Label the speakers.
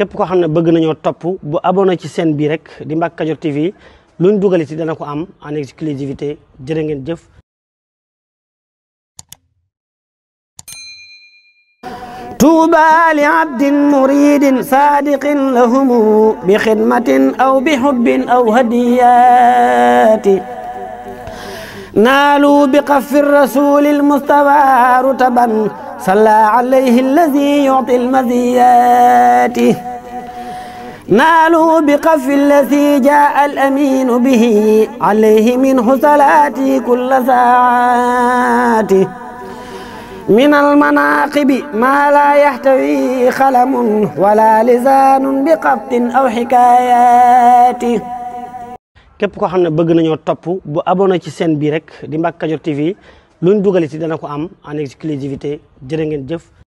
Speaker 1: képp koo xam ne bëgg nañoo topp bu abonné ci chaîne bi rek di Mbacke Kadior TV luñ dugal ci ko am en exclusivité jërë ngeen jëf
Speaker 2: tuuba li abdin muridin saadiqin lahumu bi xidmatin aw bi hubbin aw hadiyaati naalu bi qaffi rasuli lmustafa rutaban salla alayhi alladi yuti almaziyati نالوا بقف الذي جاء الأمين به عليه منه صلاتي كل ساعات من المناقب ما لا يحتوي خلم ولا لسان بقبط أو حكايات képp koo xam
Speaker 1: ne bëgg nañoo topp bu abonné ci seen bii rek di Mbacke Kadior TV luñ dugal ci dana ko am en exclusivité jërë ngeen jëf